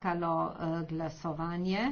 potekalo eh, glasovanje.